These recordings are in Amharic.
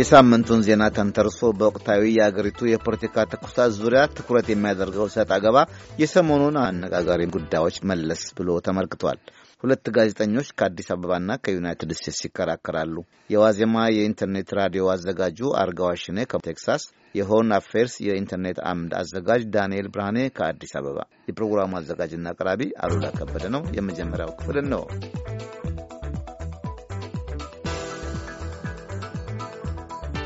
የሳምንቱን ዜና ተንተርሶ በወቅታዊ የአገሪቱ የፖለቲካ ትኩሳት ዙሪያ ትኩረት የሚያደርገው ሰጥ አገባ የሰሞኑን አነጋጋሪ ጉዳዮች መለስ ብሎ ተመልክቷል። ሁለት ጋዜጠኞች ከአዲስ አበባና ከዩናይትድ ስቴትስ ይከራከራሉ። የዋዜማ የኢንተርኔት ራዲዮ አዘጋጁ አርጋዋሽኔ ከቴክሳስ፣ የሆን አፌርስ የኢንተርኔት አምድ አዘጋጅ ዳንኤል ብርሃኔ ከአዲስ አበባ። የፕሮግራሙ አዘጋጅና አቅራቢ አሉላ ከበደ ነው። የመጀመሪያው ክፍል ነው።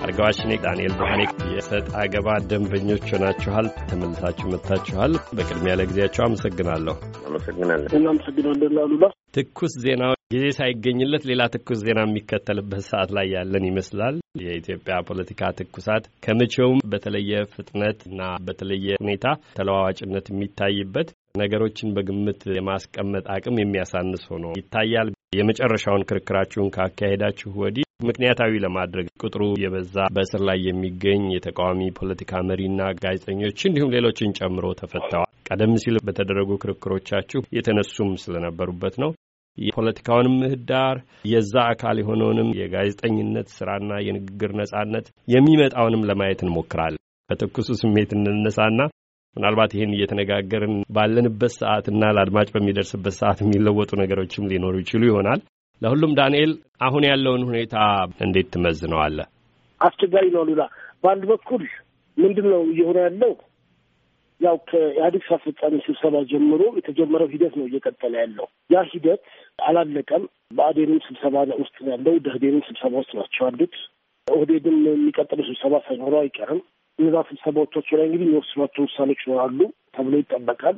አርጋዋሽኔ ዳንኤል ብርሃኔ የሰጥ አገባ ደንበኞች ሆናችኋል። ተመልሳችሁ መጥታችኋል። በቅድሚያ ለጊዜያቸው አመሰግናለሁ። አመሰግናለን። እናመሰግናለን ትኩስ ዜና ጊዜ ሳይገኝለት ሌላ ትኩስ ዜና የሚከተልበት ሰዓት ላይ ያለን ይመስላል። የኢትዮጵያ ፖለቲካ ትኩሳት ከመቼውም በተለየ ፍጥነት እና በተለየ ሁኔታ ተለዋዋጭነት የሚታይበት ነገሮችን በግምት የማስቀመጥ አቅም የሚያሳንስ ሆኖ ይታያል። የመጨረሻውን ክርክራችሁን ካካሄዳችሁ ወዲህ ምክንያታዊ ለማድረግ ቁጥሩ የበዛ በእስር ላይ የሚገኝ የተቃዋሚ ፖለቲካ መሪና ጋዜጠኞች እንዲሁም ሌሎችን ጨምሮ ተፈተዋል። ቀደም ሲል በተደረጉ ክርክሮቻችሁ የተነሱም ስለነበሩበት ነው። የፖለቲካውንም ምህዳር የዛ አካል የሆነውንም የጋዜጠኝነት ስራና የንግግር ነጻነት የሚመጣውንም ለማየት እንሞክራለን። ከትኩሱ ስሜት እንነሳና ምናልባት ይህን እየተነጋገርን ባለንበት ሰዓትና ለአድማጭ በሚደርስበት ሰዓት የሚለወጡ ነገሮችም ሊኖሩ ይችሉ ይሆናል። ለሁሉም ዳንኤል፣ አሁን ያለውን ሁኔታ እንዴት ትመዝነዋለህ? አስቸጋሪ ነው ሉላ በአንድ በኩል ምንድን ነው እየሆነ ያለው? ያው ከኢህአዴግ ስራ አስፈጻሚ ስብሰባ ጀምሮ የተጀመረው ሂደት ነው እየቀጠለ ያለው። ያ ሂደት አላለቀም። በአዴንም ስብሰባ ውስጥ ያለው ደህዴንም ስብሰባ ውስጥ ናቸው ያሉት። ኦህዴድም የሚቀጥለው ስብሰባ ሳይኖረው አይቀርም። እነዛ ስብሰባዎቻቸው ላይ እንግዲህ የሚወስኗቸው ውሳኔዎች ይኖራሉ ተብሎ ይጠበቃል።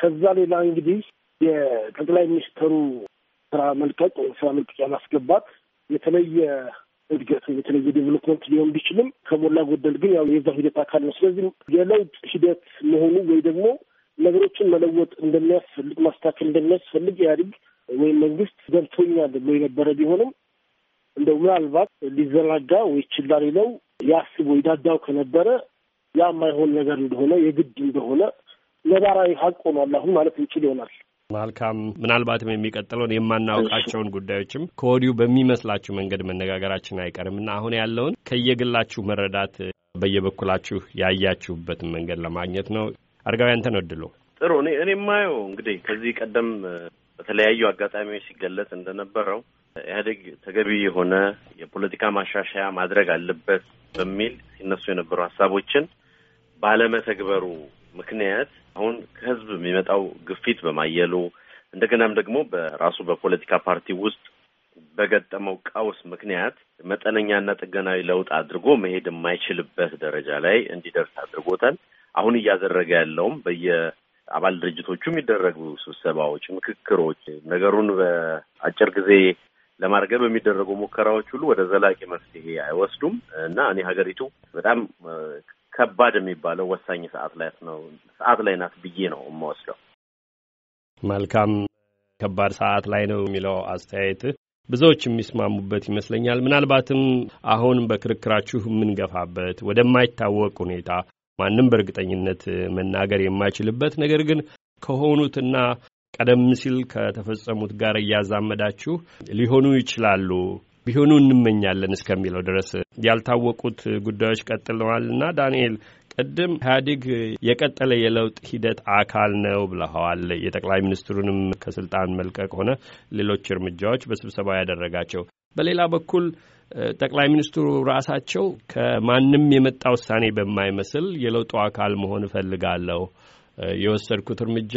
ከዛ ሌላ እንግዲህ የጠቅላይ ሚኒስትሩ ስራ መልቀቅ ወይም ስራ መልቀቂያ ማስገባት የተለየ እድገት የተለየ ዴቨሎፕመንት ሊሆን ቢችልም ከሞላ ጎደል ግን ያው የዛ ሂደት አካል ነው። ስለዚህ የለውጥ ሂደት መሆኑ ወይ ደግሞ ነገሮችን መለወጥ እንደሚያስፈልግ ማስተካከል እንደሚያስፈልግ ኢህአዴግ ወይም መንግስት ገብቶኛል ብሎ የነበረ ቢሆንም እንደው ምናልባት ሊዘናጋ ወይ ችላ ሌለው ያስብ ወይ ዳዳው ከነበረ ያ የማይሆን ነገር እንደሆነ የግድ እንደሆነ ነባራዊ ሀቅ ሆኗል አሁን ማለት እንችል ይሆናል። መልካም ምናልባትም የሚቀጥለውን የማናውቃቸውን ጉዳዮችም ከወዲሁ በሚመስላችሁ መንገድ መነጋገራችን አይቀርም እና አሁን ያለውን ከየግላችሁ መረዳት በየበኩላችሁ ያያችሁበትን መንገድ ለማግኘት ነው። አርጋዊ አንተን ወድሎ ጥሩ። እኔ እኔ የማየው እንግዲህ ከዚህ ቀደም በተለያዩ አጋጣሚዎች ሲገለጽ እንደነበረው ኢህአዴግ ተገቢ የሆነ የፖለቲካ ማሻሻያ ማድረግ አለበት በሚል ሲነሱ የነበሩ ሀሳቦችን ባለመተግበሩ ምክንያት አሁን ከህዝብ የሚመጣው ግፊት በማየሉ እንደገናም ደግሞ በራሱ በፖለቲካ ፓርቲ ውስጥ በገጠመው ቀውስ ምክንያት መጠነኛና ጥገናዊ ለውጥ አድርጎ መሄድ የማይችልበት ደረጃ ላይ እንዲደርስ አድርጎታል። አሁን እያደረገ ያለውም በየአባል ድርጅቶቹ የሚደረጉ ስብሰባዎች፣ ምክክሮች፣ ነገሩን በአጭር ጊዜ ለማርገብ የሚደረጉ ሙከራዎች ሁሉ ወደ ዘላቂ መፍትሄ አይወስዱም እና እኔ ሀገሪቱ በጣም ከባድ የሚባለው ወሳኝ ሰዓት ላይ ነው ሰዓት ላይ ናት ብዬ ነው የምወስደው። መልካም ከባድ ሰዓት ላይ ነው የሚለው አስተያየትህ ብዙዎች የሚስማሙበት ይመስለኛል። ምናልባትም አሁን በክርክራችሁ የምንገፋበት ወደማይታወቅ ሁኔታ ማንም በእርግጠኝነት መናገር የማይችልበት ነገር ግን ከሆኑትና ቀደም ሲል ከተፈጸሙት ጋር እያዛመዳችሁ ሊሆኑ ይችላሉ ቢሆኑ እንመኛለን እስከሚለው ድረስ ያልታወቁት ጉዳዮች ቀጥለዋል ዳንኤል ቅድም ኢህአዴግ የቀጠለ የለውጥ ሂደት አካል ነው ብለኸዋል። የጠቅላይ ሚኒስትሩንም ከስልጣን መልቀቅ ሆነ ሌሎች እርምጃዎች በስብሰባ ያደረጋቸው በሌላ በኩል ጠቅላይ ሚኒስትሩ ራሳቸው ከማንም የመጣ ውሳኔ በማይመስል የለውጡ አካል መሆን እፈልጋለሁ የወሰድኩት እርምጃ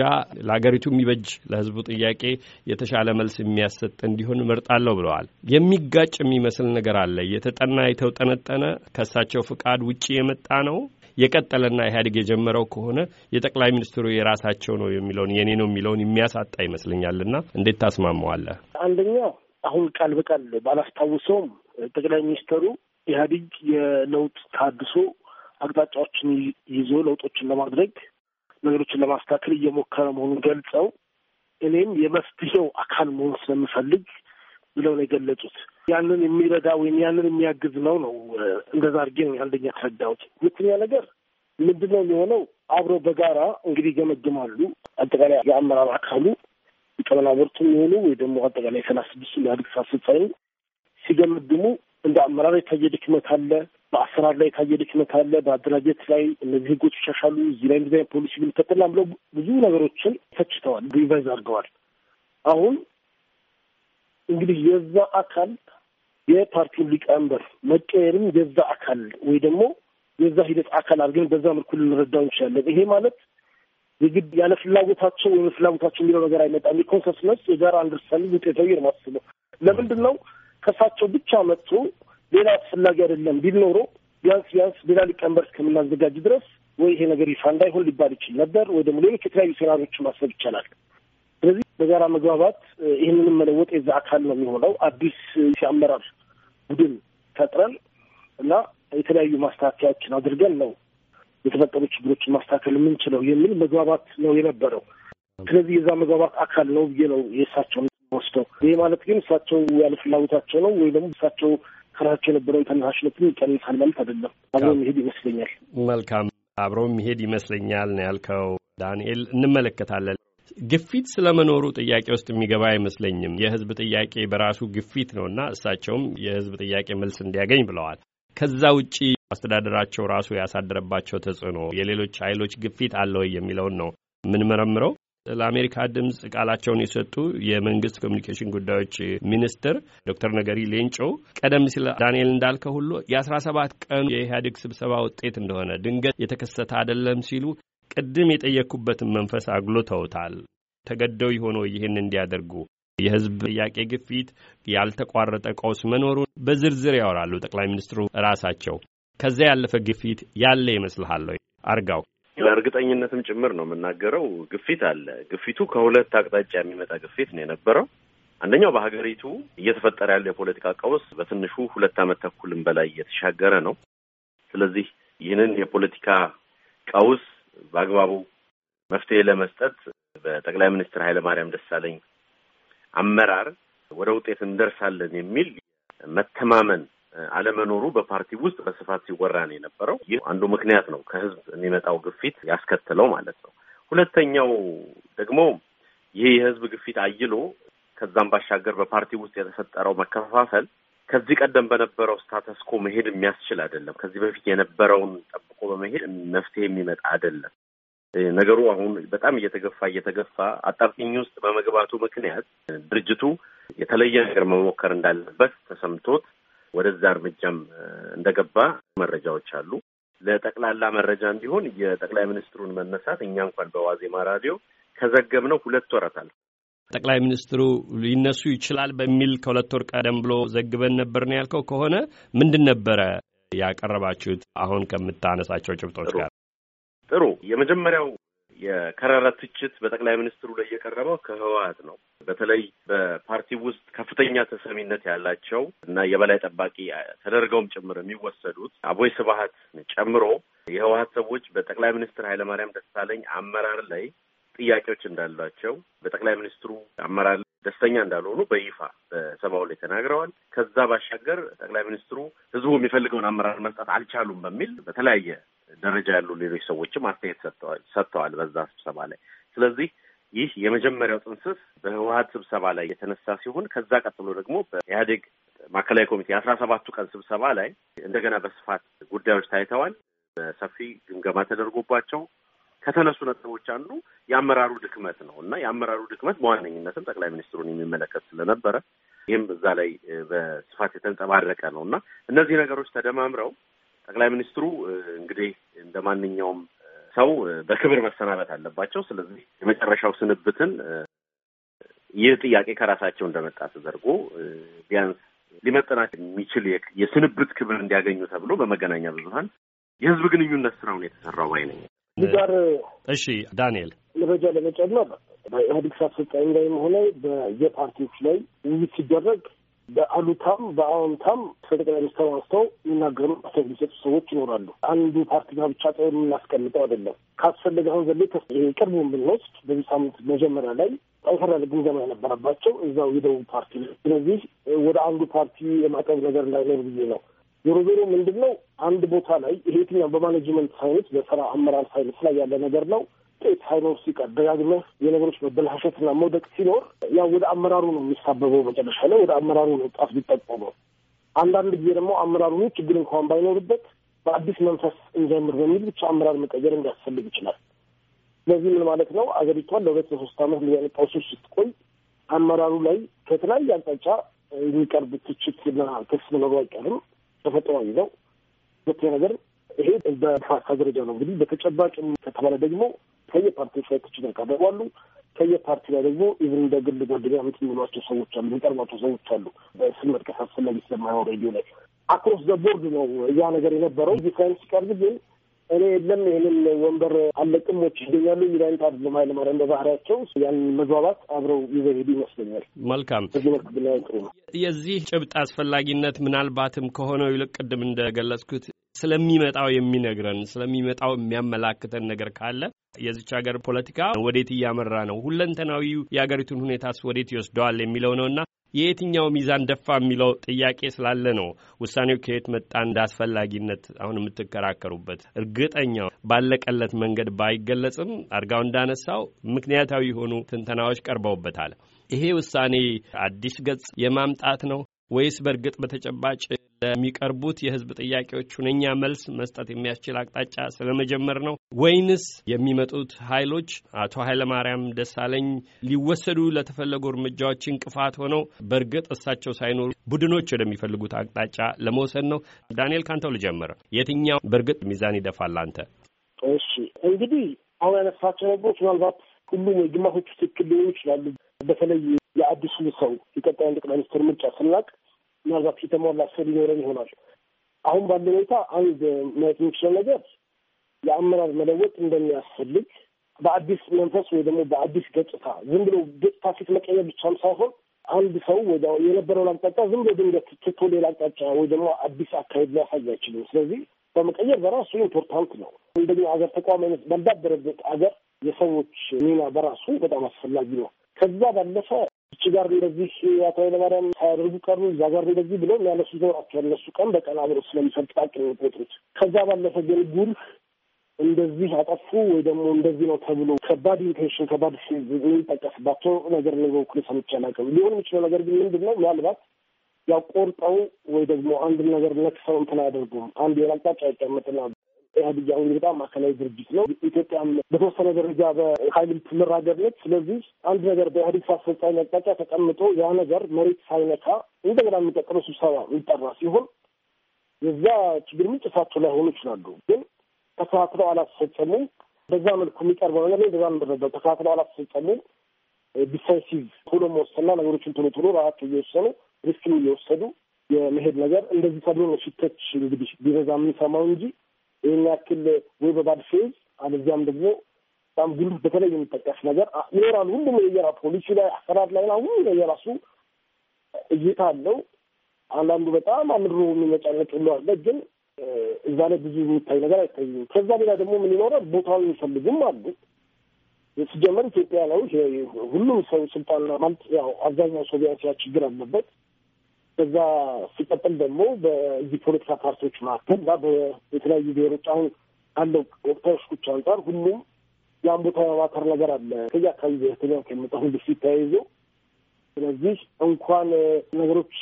ለሀገሪቱ የሚበጅ ለህዝቡ ጥያቄ የተሻለ መልስ የሚያሰጥ እንዲሆን እመርጣለሁ ብለዋል። የሚጋጭ የሚመስል ነገር አለ። የተጠና የተውጠነጠነ ከእሳቸው ፍቃድ ውጭ የመጣ ነው የቀጠለና ኢህአዴግ የጀመረው ከሆነ የጠቅላይ ሚኒስትሩ የራሳቸው ነው የሚለውን የኔ ነው የሚለውን የሚያሳጣ ይመስለኛልና እንዴት ታስማማዋለህ? አንደኛ አሁን ቃል በቃል ባላስታውሰውም ጠቅላይ ሚኒስትሩ ኢህአዴግ የለውጥ ታድሶ አቅጣጫዎችን ይዞ ለውጦችን ለማድረግ ነገሮችን ለማስተካከል እየሞከረ መሆኑን ገልጸው እኔም የመፍትሄው አካል መሆን ስለምፈልግ ብለው ነው የገለጹት። ያንን የሚረዳ ወይም ያንን የሚያግዝ ነው ነው እንደዛ አድርጌ ነው አንደኛ ተረዳሁት። ሁለተኛ ነገር ምንድን ነው የሆነው? አብረው በጋራ እንግዲህ ይገመግማሉ። አጠቃላይ የአመራር አካሉ ሊቀመናብርቱ የሚሆኑ ወይ ደግሞ አጠቃላይ ሰላሳ ስድስቱ ኢህአዴግ ስራ ሲገመግሙ እንደ አመራር የታየ ድክመት አለ በአሰራር ላይ የታየ ድክመት አለ፣ በአደራጀት ላይ እነዚህ ህጎች ይሻሻሉ፣ እዚህ ላይ እንደዚህ ፖሊሲ ብንከተላም ብለው ብዙ ነገሮችን ተችተዋል፣ ሪቫይዝ አድርገዋል። አሁን እንግዲህ የዛ አካል የፓርቲው ሊቀመንበር መቀየርም የዛ አካል ወይ ደግሞ የዛ ሂደት አካል አድርገን በዛ መልኩ ልንረዳው እንችላለን። ይሄ ማለት የግድ ያለ ፍላጎታቸው ወይም ፍላጎታቸው የሚለው ነገር አይመጣም። የኮንሰንስነስ የጋራ አንደርስታንዲንግ ውጤታዊ ነው የማስበው። ለምንድን ነው ከእሳቸው ብቻ መጥቶ ሌላ አስፈላጊ አይደለም ቢል ኖሮ ቢያንስ ቢያንስ ሌላ ሊቀመንበር እስከምናዘጋጅ ድረስ ወይ ይሄ ነገር ይፋ እንዳይሆን ሊባል ይችል ነበር ወይ ደግሞ ሌሎች የተለያዩ ሴናሪዎችን ማሰብ ይቻላል። ስለዚህ በጋራ መግባባት ይህንንም መለወጥ የዛ አካል ነው የሚሆነው። አዲስ የአመራር ቡድን ፈጥረን እና የተለያዩ ማስተካከያዎችን አድርገን ነው የተፈጠሩ ችግሮችን ማስተካከል የምንችለው የሚል መግባባት ነው የነበረው። ስለዚህ የዛ መግባባት አካል ነው ብዬ ነው የእሳቸውን ወስደው። ይሄ ማለት ግን እሳቸው ያለ ፍላጎታቸው ነው ወይ ደግሞ እሳቸው ከራቸው የነበረውን ተነሳሽነትን ቀሪ ሳንበልት አይደለም አብሮ መሄድ ይመስለኛል። መልካም አብሮ መሄድ ይመስለኛል ነው ያልከው ዳንኤል። እንመለከታለን። ግፊት ስለመኖሩ ጥያቄ ውስጥ የሚገባ አይመስለኝም። የህዝብ ጥያቄ በራሱ ግፊት ነው እና እሳቸውም የህዝብ ጥያቄ መልስ እንዲያገኝ ብለዋል። ከዛ ውጪ አስተዳደራቸው ራሱ ያሳደረባቸው ተጽዕኖ፣ የሌሎች ኃይሎች ግፊት አለ ወይ የሚለውን ነው የምንመረምረው። ለአሜሪካ ድምፅ ቃላቸውን የሰጡ የመንግስት ኮሚኒኬሽን ጉዳዮች ሚኒስትር ዶክተር ነገሪ ሌንጮ ቀደም ሲል ዳንኤል እንዳልከ ሁሉ የአስራ ሰባት ቀኑ የኢህአዴግ ስብሰባ ውጤት እንደሆነ ድንገት የተከሰተ አይደለም ሲሉ ቅድም የጠየቅኩበትን መንፈስ አግሎተውታል። ተገደው ይሆኖ ይህን እንዲያደርጉ የህዝብ ጥያቄ ግፊት፣ ያልተቋረጠ ቀውስ መኖሩን በዝርዝር ያወራሉ ጠቅላይ ሚኒስትሩ ራሳቸው። ከዚያ ያለፈ ግፊት ያለ ይመስልሃለሁ አርጋው ለእርግጠኝነትም ጭምር ነው የምናገረው። ግፊት አለ። ግፊቱ ከሁለት አቅጣጫ የሚመጣ ግፊት ነው የነበረው። አንደኛው በሀገሪቱ እየተፈጠረ ያለው የፖለቲካ ቀውስ በትንሹ ሁለት ዓመት ተኩልም በላይ እየተሻገረ ነው። ስለዚህ ይህንን የፖለቲካ ቀውስ በአግባቡ መፍትሄ ለመስጠት በጠቅላይ ሚኒስትር ኃይለማርያም ደሳለኝ አመራር ወደ ውጤት እንደርሳለን የሚል መተማመን አለመኖሩ በፓርቲ ውስጥ በስፋት ሲወራ ነው የነበረው። ይህ አንዱ ምክንያት ነው ከህዝብ የሚመጣው ግፊት ያስከትለው ማለት ነው። ሁለተኛው ደግሞ ይህ የህዝብ ግፊት አይሎ ከዛም ባሻገር በፓርቲ ውስጥ የተፈጠረው መከፋፈል ከዚህ ቀደም በነበረው ስታተስኮ መሄድ የሚያስችል አይደለም። ከዚህ በፊት የነበረውን ጠብቆ በመሄድ መፍትሄ የሚመጣ አይደለም። ነገሩ አሁን በጣም እየተገፋ እየተገፋ አጣብቂኝ ውስጥ በመግባቱ ምክንያት ድርጅቱ የተለየ ነገር መሞከር እንዳለበት ተሰምቶት ወደዛ እርምጃም እንደገባ መረጃዎች አሉ። ለጠቅላላ መረጃ እንዲሆን የጠቅላይ ሚኒስትሩን መነሳት እኛ እንኳን በዋዜማ ራዲዮ ከዘገብነው ሁለት ወራት አለ። ጠቅላይ ሚኒስትሩ ሊነሱ ይችላል በሚል ከሁለት ወር ቀደም ብሎ ዘግበን ነበር ነው ያልከው ከሆነ ምንድን ነበረ ያቀረባችሁት? አሁን ከምታነሳቸው ጭብጦች ጋር ጥሩ የመጀመሪያው የከረረ ትችት በጠቅላይ ሚኒስትሩ ላይ የቀረበው ከህወሀት ነው። በተለይ በፓርቲ ውስጥ ከፍተኛ ተሰሚነት ያላቸው እና የበላይ ጠባቂ ተደርገውም ጭምር የሚወሰዱት አቦይ ስብሀት ጨምሮ የህወሀት ሰዎች በጠቅላይ ሚኒስትር ኃይለማርያም ደሳለኝ አመራር ላይ ጥያቄዎች እንዳሏቸው በጠቅላይ ሚኒስትሩ አመራር ደስተኛ እንዳልሆኑ በይፋ በሰባው ላይ ተናግረዋል። ከዛ ባሻገር ጠቅላይ ሚኒስትሩ ህዝቡ የሚፈልገውን አመራር መስጠት አልቻሉም በሚል በተለያየ ደረጃ ያሉ ሌሎች ሰዎችም አስተያየት ሰጥተዋል በዛ ስብሰባ ላይ። ስለዚህ ይህ የመጀመሪያው ጥንስስ በህወሀት ስብሰባ ላይ የተነሳ ሲሆን ከዛ ቀጥሎ ደግሞ በኢህአዴግ ማዕከላዊ ኮሚቴ የአስራ ሰባቱ ቀን ስብሰባ ላይ እንደገና በስፋት ጉዳዮች ታይተዋል። በሰፊ ግምገማ ተደርጎባቸው ከተነሱ ነጥቦች አንዱ የአመራሩ ድክመት ነው እና የአመራሩ ድክመት በዋነኝነትም ጠቅላይ ሚኒስትሩን የሚመለከት ስለነበረ ይህም እዛ ላይ በስፋት የተንጸባረቀ ነው እና እነዚህ ነገሮች ተደማምረው ጠቅላይ ሚኒስትሩ እንግዲህ እንደ ማንኛውም ሰው በክብር መሰናበት አለባቸው። ስለዚህ የመጨረሻው ስንብትን ይህ ጥያቄ ከራሳቸው እንደመጣ ተደርጎ ቢያንስ ሊመጠናቸው የሚችል የስንብት ክብር እንዲያገኙ ተብሎ በመገናኛ ብዙኃን የህዝብ ግንኙነት ስራውን የተሰራው ባይ ነኝ። ጋር እሺ፣ ዳንኤል መረጃ ለመጨመር በኢህአዴግ ስራ አስፈጻሚ ላይም ሆነ በየፓርቲዎች ላይ ውይይት ሲደረግ በአሉታም በአዎንታም ስለ ሚኒስትር አንስተው የሚናገሩ አስተያየት የሚሰጡ ሰዎች ይኖራሉ። አንዱ ፓርቲ ጋር ብቻ ጠ የምናስቀምጠው አይደለም። ካስፈለገ አሁን ዘሌ ቅርቡን ብንወስድ በዚህ ሳምንት መጀመሪያ ላይ ጠንከር ያለ ግምገማ የነበረባቸው እዛው የደቡብ ፓርቲ ነው። ስለዚህ ወደ አንዱ ፓርቲ የማጠብ ነገር እንዳይኖር ብዬ ነው። ዞሮ ዞሮ ምንድን ነው አንድ ቦታ ላይ ይሄ የትኛው በማኔጅመንት ሳይንስ በስራ አመራር ሳይንስ ላይ ያለ ነገር ነው ውጤት ሳይኖር ሲቀር ደጋግመህ የነገሮች መበላሸትና መውደቅ ሲኖር ያው ወደ አመራሩ ነው የሚሳበበው። መጨረሻ ላይ ወደ አመራሩ ነው ጣት ቢጠቆመው። አንዳንድ ጊዜ ደግሞ አመራሩኑ ችግር እንኳን ባይኖርበት በአዲስ መንፈስ እንጀምር በሚል ብቻ አመራር መቀየር እንዲያስፈልግ ይችላል። ስለዚህ ምን ማለት ነው? አገሪቷን ለሁለት ለሶስት ዓመት ሊያነ ቀውሶች ስትቆይ አመራሩ ላይ ከተለያየ አቅጣጫ የሚቀርብ ትችትና ክስ መኖሩ አይቀርም። ተፈጥሯዊ ነው። ሁለተኛ ነገር ይሄ በፋሳ ደረጃ ነው እንግዲህ በተጨባጭ ከተባለ ደግሞ ከየፓርቲው ሳይቶችን ያቀርባሉ። ከየፓርቲ ላይ ደግሞ ኢቭን እንደ ግል ጓደኛ ቤት የሚሏቸው ሰዎች አሉ፣ የሚቀርቧቸው ሰዎች አሉ። ስም መጥቀስ አስፈላጊ ስለማይሆን ሬዲዮ ላይ አክሮስ ዘ ቦርድ ነው ያ ነገር የነበረው። ዲሳይን ሲቀርብ ግን እኔ የለም ይህንን ወንበር አለቅም ሞች ይገኛሉ የሚል አይነት አይደለም። ኃይለማርያም በባህሪያቸው ያን መግባባት አብረው ይዘው ሄዱ ይመስለኛል። መልካም እዚህ መልክ ብናይ ጥሩ ነው። የዚህ ጭብጥ አስፈላጊነት ምናልባትም ከሆነው ይልቅ ቅድም እንደገለጽኩት ስለሚመጣው የሚነግረን ስለሚመጣው የሚያመላክተን ነገር ካለ የዚች ሀገር ፖለቲካ ወዴት እያመራ ነው፣ ሁለንተናዊ የሀገሪቱን ሁኔታስ ወዴት ይወስደዋል የሚለው ነውና የየትኛው ሚዛን ደፋ የሚለው ጥያቄ ስላለ ነው ውሳኔው ከየት መጣ እንደ አስፈላጊነት አሁን የምትከራከሩበት። እርግጠኛው ባለቀለት መንገድ ባይገለጽም አድርጋው እንዳነሳው ምክንያታዊ የሆኑ ትንተናዎች ቀርበውበታል። ይሄ ውሳኔ አዲስ ገጽ የማምጣት ነው ወይስ በእርግጥ በተጨባጭ ለሚቀርቡት የህዝብ ጥያቄዎች ሁነኛ መልስ መስጠት የሚያስችል አቅጣጫ ስለመጀመር ነው ወይንስ የሚመጡት ኃይሎች አቶ ኃይለማርያም ደሳለኝ ሊወሰዱ ለተፈለጉ እርምጃዎች እንቅፋት ሆነው በእርግጥ እሳቸው ሳይኖሩ ቡድኖች ወደሚፈልጉት አቅጣጫ ለመውሰድ ነው? ዳንኤል ካንተው ልጀምረ። የትኛው በእርግጥ ሚዛን ይደፋል? አንተ እሺ፣ እንግዲህ አሁን ያነሳቸው ነገሮች ምናልባት ሁሉም ግማሾቹ ትክክል ሊሆኑ ይችላሉ። በተለይ የአዲሱ ሰው የቀጣዩን ጠቅላይ ሚኒስትር ምርጫ ስናቅ ምናልባት የተሟላ ሰው ሊኖረን ይሆናል። አሁን ባለው ሁኔታ አንድ ማየት የሚችለው ነገር የአመራር መለወጥ እንደሚያስፈልግ በአዲስ መንፈስ ወይ ደግሞ በአዲስ ገጽታ ዝም ብሎ ገጽታ ፊት መቀየር ብቻም ሳይሆን አንድ ሰው ወደ የነበረውን አቅጣጫ ዝም ብሎ ድንገት ትቶ ሌላ አቅጣጫ ወይ ደግሞ አዲስ አካሄድ ሊያሳይ አይችልም። ስለዚህ በመቀየር በራሱ ኢምፖርታንት ነው። እንደኛ ሀገር ተቋም አይነት ባልዳበረበት አገር የሰዎች ሚና በራሱ በጣም አስፈላጊ ነው። ከዛ ባለፈ እቺ ጋር እንደዚህ አቶ ኃይለማርያም ሳያደርጉ ቀሩ፣ እዛ ጋር እንደዚህ ብለው የሚያነሱ ዘውራቸው እነሱ ቀን በቀን አብረው ስለሚሰጥጣቅ ነው ጴጥሮች። ከዛ ባለፈ ግን ጉል እንደዚህ አጠፉ ወይ ደግሞ እንደዚህ ነው ተብሎ ከባድ ኢንቴንሽን ከባድ የሚጠቀስባቸው ነገር ነው በኩል ሰምቼ አላውቅም። ሊሆን የሚችለው ነገር ግን ምንድን ነው ምናልባት ያቆርጠው ወይ ደግሞ አንድ ነገር ነክሰው እንትን አያደርጉም። አንድ የሆነ አቅጣጫ አይቀምጥም። ኢህአዲግ አሁን በጣም ማዕከላዊ ድርጅት ነው። ኢትዮጵያም በተወሰነ ደረጃ በሀይል የምትመራገር ነች። ስለዚህ አንድ ነገር በኢህአዲግ ስራ አስፈጻሚ አቅጣጫ ተቀምጦ ያ ነገር መሬት ሳይነካ እንደገና የሚቀጥለው ስብሰባ የሚጠራ ሲሆን የዛ ችግር ምንጭ እሳቸው ሆኑ ይችላሉ። ግን ተከታትለው አላስፈጸሙም። በዛ መልኩ የሚቀርበው ነገር ላይ በዛ ምረዳው ተከታትለው አላስፈጸሙም። ዲሳይሲቭ ቶሎ መወሰንና ነገሮችን ቶሎ ቶሎ ራሳቸው እየወሰኑ ሪስክም እየወሰዱ የመሄድ ነገር እንደዚህ ተብሎ ነው ሲተች እንግዲህ ቢበዛ የምንሰማው እንጂ ይህን ያክል ወይ በባድ ፌዝ አለዚያም ደግሞ በጣም ጉልህ በተለይ የሚጠቀስ ነገር ይኖራል። ሁሉም የየራ ፖሊሲ ላይ አሰራር ላይ ሁሉ የየራሱ እይታ አለው። አንዳንዱ በጣም አምሮ የሚመጫነጭ ሁሉ አለ፣ ግን እዛ ላይ ብዙ የሚታይ ነገር አይታይም። ከዛ ሌላ ደግሞ ምን ይኖራል፣ ቦታውን የሚፈልጉም አሉ። ሲጀመር ኢትዮጵያ ላይ ሁሉም ሰው ስልጣን ማለት ያው አብዛኛው ሰው ቢያንስ ያ ችግር አለበት። ከዛ ሲቀጥል ደግሞ በዚህ ፖለቲካ ፓርቲዎች መካከል እና በተለያዩ ብሔሮች አሁን ካለው ወቅታዊ ሽኩቻ አንጻር ሁሉም የአንቦ ተባባተር ነገር አለ ከየአካባቢ ብሔርተኛ ከሚመጣ ሁሉ ሲተያይዞ ስለዚህ እንኳን ነገሮች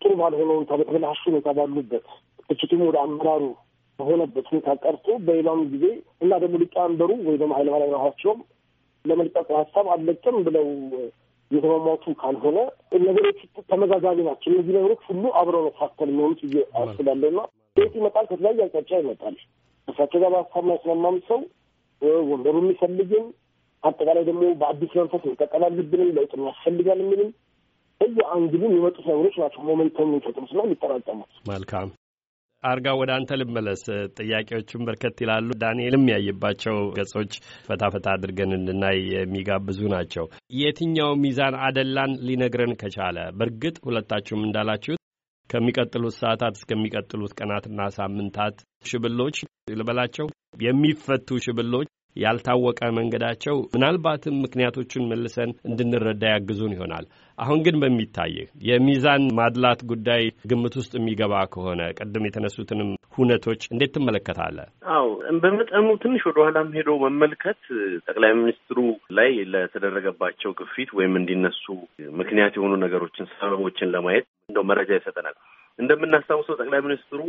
ጥሩ ባልሆነ ሁኔታ በተበላሹ ሁኔታ ባሉበት ትችቱም ወደ አመራሩ በሆነበት ሁኔታ ቀርቶ በሌላም ጊዜ እና ደግሞ ሊቀመንበሩ ወይ ደግሞ ኃይለማርያም ራሳቸውም ለመልቀቁ ሀሳብ አለቅም ብለው የተማማቱ ካልሆነ ነገሮች ተመዛዛቢ ናቸው። እነዚህ ነገሮች ሁሉ አብረው ነው ፋክተር የሚሆኑት ብዬ አስባለሁ። እና ቤት ይመጣል፣ ከተለያየ አቅጣጫ ይመጣል። እሳቸው ጋር በሀሳብ ማይስማማም ሰው ወንበሩ የሚፈልግም አጠቃላይ ደግሞ በአዲስ መንፈስ እንጠቀላልብንም ለውጥ ያስፈልጋል የሚልም በየአንግሉ የሚመጡት ነገሮች ናቸው ሞመንተም የሚፈጥሩት እና የሚጠራጠሙት። መልካም አርጋ ወደ አንተ ልመለስ። ጥያቄዎቹን በርከት ይላሉ። ዳንኤልም ያየባቸው ገጾች ፈታፈታ አድርገን እንድናይ የሚጋብዙ ናቸው። የትኛው ሚዛን አደላን ሊነግረን ከቻለ በእርግጥ ሁለታችሁም እንዳላችሁት ከሚቀጥሉት ሰዓታት እስከሚቀጥሉት ቀናትና ሳምንታት ሽብሎች ልበላቸው የሚፈቱ ሽብሎች ያልታወቀ መንገዳቸው ምናልባትም ምክንያቶቹን መልሰን እንድንረዳ ያግዙን ይሆናል። አሁን ግን በሚታይህ የሚዛን ማድላት ጉዳይ ግምት ውስጥ የሚገባ ከሆነ ቅድም የተነሱትንም ሁነቶች እንዴት ትመለከታለህ? አዎ በመጠኑ ትንሽ ወደ ኋላም ሄዶ መመልከት ጠቅላይ ሚኒስትሩ ላይ ለተደረገባቸው ግፊት ወይም እንዲነሱ ምክንያት የሆኑ ነገሮችን፣ ሰበቦችን ለማየት እንደው መረጃ ይሰጠናል። እንደምናስታውሰው ጠቅላይ ሚኒስትሩ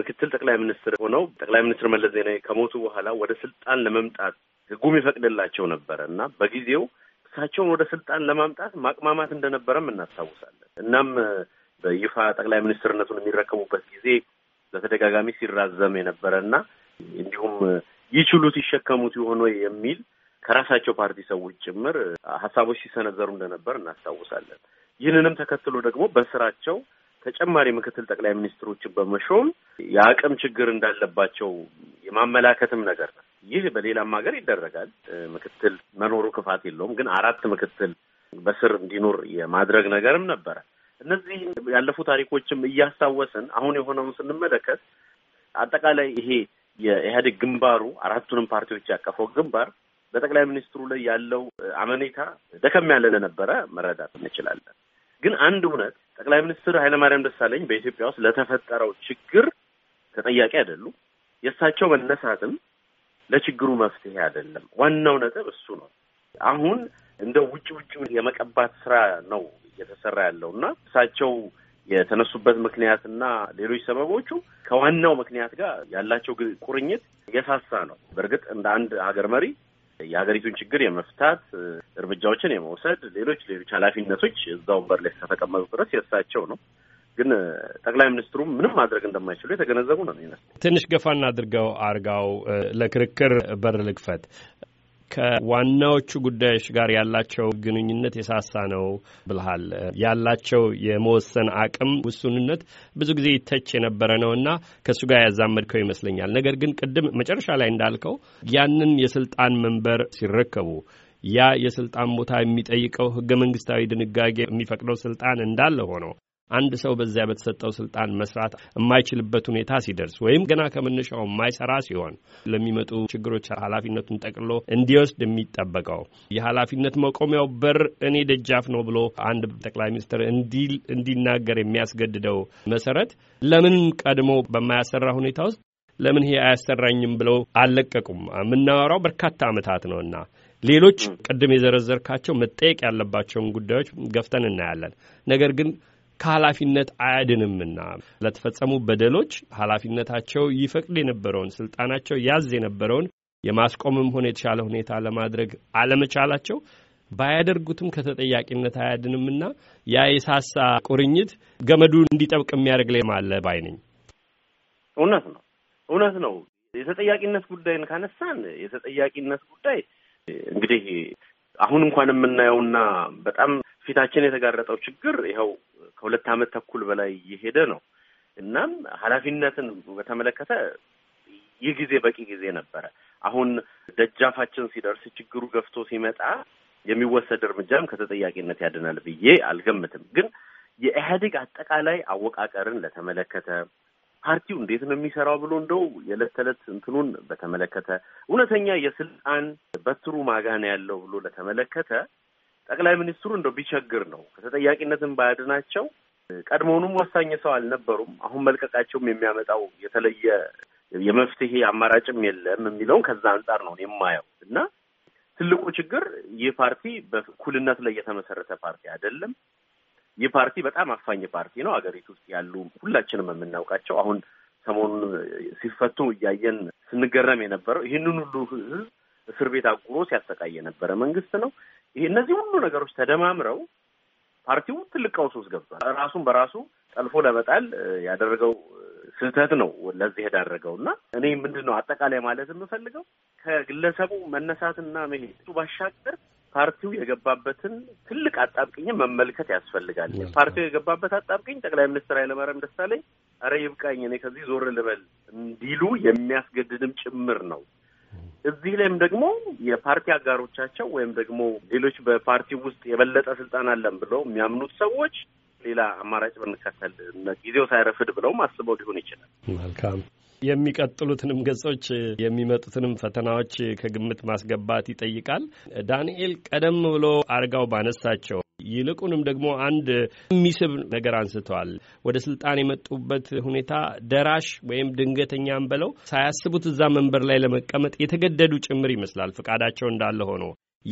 ምክትል ጠቅላይ ሚኒስትር ሆነው ጠቅላይ ሚኒስትር መለስ ዜናዊ ከሞቱ በኋላ ወደ ስልጣን ለመምጣት ህጉም ይፈቅድላቸው ነበረ እና በጊዜው እሳቸውን ወደ ስልጣን ለማምጣት ማቅማማት እንደነበረም እናስታውሳለን። እናም በይፋ ጠቅላይ ሚኒስትርነቱን የሚረከቡበት ጊዜ በተደጋጋሚ ሲራዘም የነበረ እና እንዲሁም ይችሉት ይሸከሙት ይሆን የሚል ከራሳቸው ፓርቲ ሰዎች ጭምር ሀሳቦች ሲሰነዘሩ እንደነበር እናስታውሳለን። ይህንንም ተከትሎ ደግሞ በስራቸው ተጨማሪ ምክትል ጠቅላይ ሚኒስትሮችን በመሾም የአቅም ችግር እንዳለባቸው የማመላከትም ነገር ነው። ይህ በሌላም ሀገር ይደረጋል። ምክትል መኖሩ ክፋት የለውም። ግን አራት ምክትል በስር እንዲኖር የማድረግ ነገርም ነበረ። እነዚህ ያለፉ ታሪኮችም እያስታወስን አሁን የሆነውን ስንመለከት አጠቃላይ ይሄ የኢህአዴግ ግንባሩ አራቱንም ፓርቲዎች ያቀፈው ግንባር በጠቅላይ ሚኒስትሩ ላይ ያለው አመኔታ ደከም ያለ ለነበረ መረዳት እንችላለን። ግን አንድ እውነት ጠቅላይ ሚኒስትር ኃይለማርያም ደሳለኝ በኢትዮጵያ ውስጥ ለተፈጠረው ችግር ተጠያቂ አይደሉም። የእሳቸው መነሳትም ለችግሩ መፍትሄ አይደለም። ዋናው ነጥብ እሱ ነው። አሁን እንደ ውጭ ውጭውን የመቀባት ስራ ነው እየተሰራ ያለው እና እሳቸው የተነሱበት ምክንያትና ሌሎች ሰበቦቹ ከዋናው ምክንያት ጋር ያላቸው ቁርኝት የሳሳ ነው። በእርግጥ እንደ አንድ ሀገር መሪ የሀገሪቱን ችግር የመፍታት እርምጃዎችን የመውሰድ ሌሎች ሌሎች ኃላፊነቶች እዛ ወንበር ላይ እስከተቀመጡ ድረስ የእሳቸው ነው። ግን ጠቅላይ ሚኒስትሩ ምንም ማድረግ እንደማይችሉ የተገነዘቡ ነው ይመስል። ትንሽ ገፋ እናድርገው አርጋው፣ ለክርክር በር ልክፈት። ከዋናዎቹ ጉዳዮች ጋር ያላቸው ግንኙነት የሳሳ ነው ብልሃል። ያላቸው የመወሰን አቅም ውሱንነት ብዙ ጊዜ ይተች የነበረ እና ከእሱ ጋር ያዛመድከው ይመስለኛል። ነገር ግን ቅድም መጨረሻ ላይ እንዳልከው ያንን የስልጣን መንበር ሲረከቡ ያ የስልጣን ቦታ የሚጠይቀው ህገ መንግስታዊ ድንጋጌ የሚፈቅደው ስልጣን እንዳለ ሆኖ አንድ ሰው በዚያ በተሰጠው ስልጣን መስራት የማይችልበት ሁኔታ ሲደርስ ወይም ገና ከመነሻው የማይሰራ ሲሆን ለሚመጡ ችግሮች ኃላፊነቱን ጠቅሎ እንዲወስድ የሚጠበቀው የኃላፊነት መቆሚያው በር እኔ ደጃፍ ነው ብሎ አንድ ጠቅላይ ሚኒስትር እንዲናገር የሚያስገድደው መሰረት ለምን ቀድሞ በማያሰራ ሁኔታ ውስጥ ለምን ይሄ አያሰራኝም ብለው አልለቀቁም? የምናወራው በርካታ ዓመታት ነውና ሌሎች ቅድም የዘረዘርካቸው መጠየቅ ያለባቸውን ጉዳዮች ገፍተን እናያለን። ነገር ግን ከኃላፊነት አያድንምና ለተፈጸሙ በደሎች ኃላፊነታቸው ይፈቅድ የነበረውን ስልጣናቸው ያዝ የነበረውን የማስቆምም ሆነ የተሻለ ሁኔታ ለማድረግ አለመቻላቸው ባያደርጉትም ከተጠያቂነት አያድንምና ያ የሳሳ ቁርኝት ገመዱ እንዲጠብቅ የሚያደርግ ላይ ማለ ባይ ነኝ። እውነት ነው፣ እውነት ነው። የተጠያቂነት ጉዳይን ካነሳን የተጠያቂነት ጉዳይ እንግዲህ አሁን እንኳን የምናየውና በጣም ፊታችን የተጋረጠው ችግር ይኸው ከሁለት ዓመት ተኩል በላይ እየሄደ ነው። እናም ኃላፊነትን በተመለከተ ይህ ጊዜ በቂ ጊዜ ነበረ። አሁን ደጃፋችን ሲደርስ ችግሩ ገፍቶ ሲመጣ የሚወሰድ እርምጃም ከተጠያቂነት ያድናል ብዬ አልገምትም። ግን የኢህአዴግ አጠቃላይ አወቃቀርን ለተመለከተ ፓርቲው እንዴት ነው የሚሰራው ብሎ እንደው የዕለት ተዕለት እንትኑን በተመለከተ እውነተኛ የስልጣን በትሩ ማጋን ያለው ብሎ ለተመለከተ ጠቅላይ ሚኒስትሩ እንደው ቢቸግር ነው ከተጠያቂነትን ባያድናቸው ቀድሞውኑም ወሳኝ ሰው አልነበሩም። አሁን መልቀቃቸውም የሚያመጣው የተለየ የመፍትሄ አማራጭም የለም የሚለውን ከዛ አንጻር ነው የማየው እና ትልቁ ችግር ይህ ፓርቲ በእኩልነት ላይ የተመሰረተ ፓርቲ አይደለም። ይህ ፓርቲ በጣም አፋኝ ፓርቲ ነው። ሀገሪቱ ውስጥ ያሉ ሁላችንም የምናውቃቸው አሁን ሰሞኑን ሲፈቱ እያየን ስንገረም የነበረው ይህንን ሁሉ ህዝብ እስር ቤት አጉሮ ሲያሰቃይ የነበረ መንግስት ነው። ይሄ እነዚህ ሁሉ ነገሮች ተደማምረው ፓርቲው ትልቅ ቀውስ ውስጥ ገብቷል። ራሱን በራሱ ጠልፎ ለመጣል ያደረገው ስህተት ነው ለዚህ የዳረገው እና እኔ ምንድን ነው አጠቃላይ ማለት የምፈልገው ከግለሰቡ መነሳትና መሄዱ ባሻገር ፓርቲው የገባበትን ትልቅ አጣብቅኝ መመልከት ያስፈልጋል። ፓርቲው የገባበት አጣብቅኝ ጠቅላይ ሚኒስትር ኃይለማርያም ደሳለኝ ኧረ ይብቃኝ እኔ ከዚህ ዞር ልበል እንዲሉ የሚያስገድድም ጭምር ነው። እዚህ ላይም ደግሞ የፓርቲ አጋሮቻቸው ወይም ደግሞ ሌሎች በፓርቲ ውስጥ የበለጠ ስልጣን አለን ብለው የሚያምኑት ሰዎች ሌላ አማራጭ ብንከተል ጊዜው ሳይረፍድ ብለውም አስበው ሊሆን ይችላል። መልካም የሚቀጥሉትንም ገጾች የሚመጡትንም ፈተናዎች ከግምት ማስገባት ይጠይቃል። ዳንኤል ቀደም ብሎ አርጋው ባነሳቸው ይልቁንም ደግሞ አንድ የሚስብ ነገር አንስተዋል። ወደ ስልጣን የመጡበት ሁኔታ ደራሽ ወይም ድንገተኛም በለው ሳያስቡት እዛ መንበር ላይ ለመቀመጥ የተገደዱ ጭምር ይመስላል ፍቃዳቸው እንዳለ ሆኖ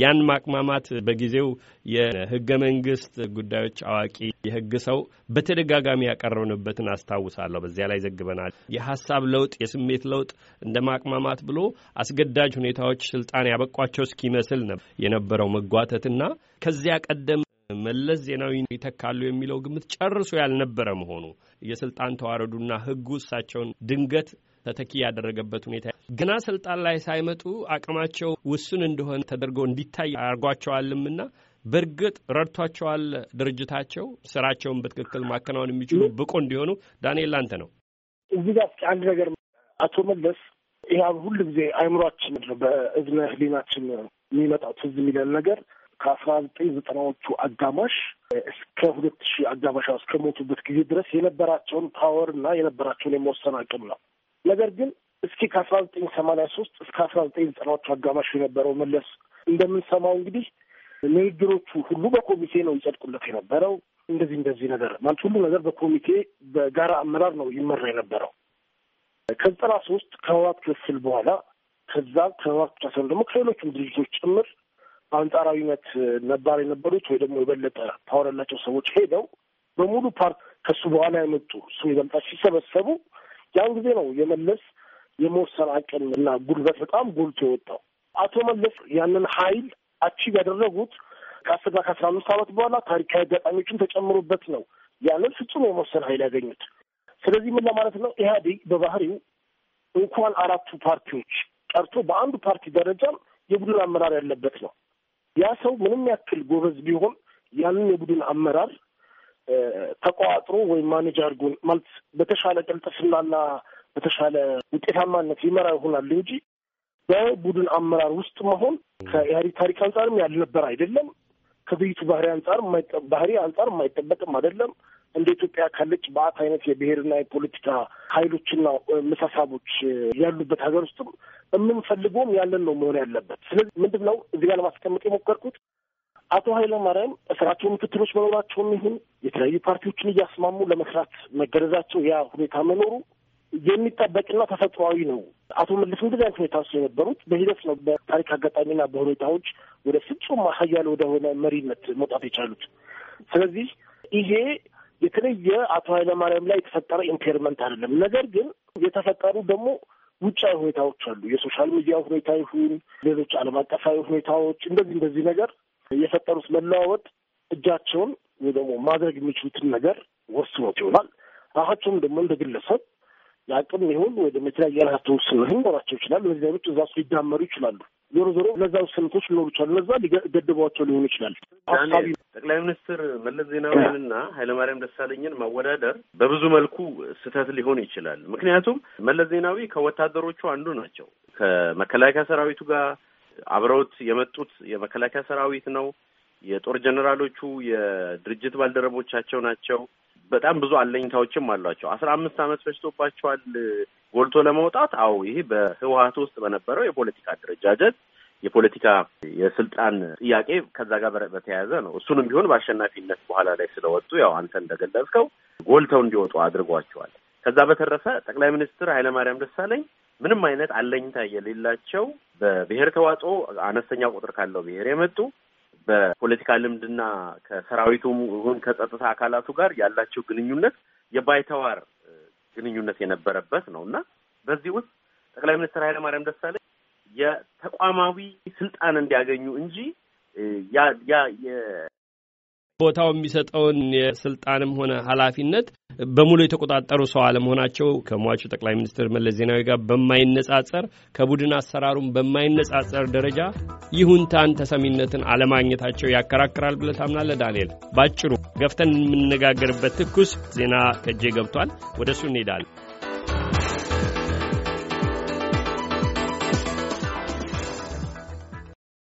ያን ማቅማማት በጊዜው የህገ መንግስት ጉዳዮች አዋቂ የህግ ሰው በተደጋጋሚ ያቀረብንበትን አስታውሳለሁ። በዚያ ላይ ዘግበናል። የሀሳብ ለውጥ፣ የስሜት ለውጥ እንደ ማቅማማት ብሎ አስገዳጅ ሁኔታዎች ስልጣን ያበቋቸው እስኪመስል ነበር የነበረው መጓተትና ከዚያ ቀደም መለስ ዜናዊ ይተካሉ የሚለው ግምት ጨርሶ ያልነበረ መሆኑ የስልጣን ተዋረዱና ህጉ እሳቸውን ድንገት ተተኪ ያደረገበት ሁኔታ ገና ስልጣን ላይ ሳይመጡ አቅማቸው ውሱን እንደሆነ ተደርጎ እንዲታይ አድርጓቸዋልምና በእርግጥ ረድቷቸዋል። ድርጅታቸው ስራቸውን በትክክል ማከናወን የሚችሉ ብቁ እንዲሆኑ ዳንኤል፣ ላንተ ነው እዚህ ጋር አንድ ነገር አቶ መለስ ይህ ሁሉ ጊዜ አይምሯችን ነው በእዝነ ህሊናችን የሚመጣው ትዝ የሚለን ነገር ከአስራ ዘጠኝ ዘጠናዎቹ አጋማሽ እስከ ሁለት ሺህ አጋማሽ እስከሞቱበት ጊዜ ድረስ የነበራቸውን ፓወር እና የነበራቸውን የመወሰን አቅም ነው። ነገር ግን እስኪ ከአስራ ዘጠኝ ሰማንያ ሶስት እስከ አስራ ዘጠኝ ዘጠናዎቹ አጋማሽ የነበረው መለስ እንደምንሰማው እንግዲህ ንግግሮቹ ሁሉ በኮሚቴ ነው ይጸድቁለት የነበረው እንደዚህ እንደዚህ ነገር ማለት ሁሉ ነገር በኮሚቴ በጋራ አመራር ነው ይመራ የነበረው። ከዘጠና ሶስት ከህወሓት ክፍል በኋላ ከዛ ከህወሓት ብቻ ሳይሆን ደግሞ ከሌሎቹም ድርጅቶች ጭምር በአንጻራዊነት ነባር የነበሩት ወይ ደግሞ የበለጠ ፓወር ያላቸው ሰዎች ሄደው በሙሉ ፓርት ከሱ በኋላ የመጡ እሱ ይበልጣል ሲሰበሰቡ ያን ጊዜ ነው የመለስ የመወሰን አቅም እና ጉልበት በጣም ጎልቶ የወጣው። አቶ መለስ ያንን ኃይል አቺቭ ያደረጉት ከአስርና ከአስራ አምስት ዓመት በኋላ ታሪካዊ አጋጣሚዎችን ተጨምሮበት ነው ያንን ፍጹም የመወሰን ኃይል ያገኙት። ስለዚህ ምን ለማለት ነው? ኢህአዴግ በባህሪው እንኳን አራቱ ፓርቲዎች ቀርቶ በአንዱ ፓርቲ ደረጃም የቡድን አመራር ያለበት ነው። ያ ሰው ምንም ያክል ጎበዝ ቢሆን ያንን የቡድን አመራር ተቋጥሮ ወይም ማኔጅ አድርጎ ማለት በተሻለ ቅልጥፍናና በተሻለ ውጤታማነት ይመራ ይሆናል እንጂ በቡድን አመራር ውስጥ መሆን ከኢህአዴግ ታሪክ አንጻርም ያልነበረ አይደለም። ከብይቱ ባህሪ አንጻር ባህሪ አንጻር የማይጠበቅም አይደለም። እንደ ኢትዮጵያ ካለች በአት አይነት የብሔርና የፖለቲካ ኃይሎችና መሳሳቦች ያሉበት ሀገር ውስጥ የምንፈልገውም ያለን ነው መሆን ያለበት። ስለዚህ ምንድን ነው እዚህ ጋር ለማስቀመጥ የሞከርኩት አቶ ኃይለ ማርያም እስራቸው ምክትሎች መኖራቸውም ይሁን የተለያዩ ፓርቲዎችን እያስማሙ ለመስራት መገረዛቸው ያ ሁኔታ መኖሩ የሚጠበቅና ተፈጥሯዊ ነው። አቶ መለስ እንደዚህ አይነት ሁኔታ ውስጥ የነበሩት በሂደት ነው፣ በታሪክ አጋጣሚና በሁኔታዎች ወደ ፍጹም ሀያል ወደሆነ መሪነት መውጣት የቻሉት። ስለዚህ ይሄ የተለየ አቶ ኃይለማርያም ላይ የተፈጠረ ኢምፔርመንት አይደለም። ነገር ግን የተፈጠሩ ደግሞ ውጫዊ ሁኔታዎች አሉ። የሶሻል ሚዲያ ሁኔታ ይሁን ሌሎች ዓለም አቀፋዊ ሁኔታዎች እንደዚህ እንደዚህ ነገር የፈጠሩት መለዋወጥ እጃቸውን ወይ ደግሞ ማድረግ የሚችሉትን ነገር ወስኖት ይሆናል። ራሳቸውም ደግሞ እንደ ግለሰብ የአቅም ይሁን ወይ ደግሞ የተለያየ ራሳቸው ውስን ሊኖራቸው ይችላል። እነዚህ ነገሮች እዛ ሊዳመሩ ይችላሉ። ዞሮ ዞሮ እነዛ ስልቶች ሊኖሩ ይችላሉ። እነዛ ሊገድቧቸው ሊሆን ይችላል። ጠቅላይ ሚኒስትር መለስ ዜናዊንና ኃይለማርያም ደሳለኝን ማወዳደር በብዙ መልኩ ስህተት ሊሆን ይችላል። ምክንያቱም መለስ ዜናዊ ከወታደሮቹ አንዱ ናቸው። ከመከላከያ ሰራዊቱ ጋር አብረውት የመጡት የመከላከያ ሰራዊት ነው። የጦር ጀኔራሎቹ የድርጅት ባልደረቦቻቸው ናቸው። በጣም ብዙ አለኝታዎችም አሏቸው። አስራ አምስት ዓመት ፈጅቶባቸዋል ጎልቶ ለመውጣት። አዎ ይሄ በህወሀት ውስጥ በነበረው የፖለቲካ አደረጃጀት የፖለቲካ የስልጣን ጥያቄ ከዛ ጋር በተያያዘ ነው። እሱንም ቢሆን በአሸናፊነት በኋላ ላይ ስለወጡ ያው አንተ እንደገለጽከው ጎልተው እንዲወጡ አድርጓቸዋል። ከዛ በተረፈ ጠቅላይ ሚኒስትር ኃይለማርያም ደሳለኝ ምንም አይነት አለኝታ የሌላቸው በብሔር ተዋጽኦ አነስተኛ ቁጥር ካለው ብሔር የመጡ በፖለቲካ ልምድና ከሰራዊቱም ይሁን ከጸጥታ አካላቱ ጋር ያላቸው ግንኙነት የባይተዋር ግንኙነት የነበረበት ነው እና በዚህ ውስጥ ጠቅላይ ሚኒስትር ኃይለማርያም ደሳለኝ የተቋማዊ ስልጣን እንዲያገኙ እንጂ ያ ቦታው የሚሰጠውን የስልጣንም ሆነ ኃላፊነት በሙሉ የተቆጣጠሩ ሰው አለመሆናቸው ከሟቹ ጠቅላይ ሚኒስትር መለስ ዜናዊ ጋር በማይነጻጸር ከቡድን አሰራሩም በማይነጻጸር ደረጃ ይሁንታን ተሰሚነትን አለማግኘታቸው ያከራክራል ብለህ ታምናለህ? ዳንኤል፣ ባጭሩ ገፍተን የምንነጋገርበት ትኩስ ዜና ከእጄ ገብቷል። ወደ እሱ እንሄዳለን።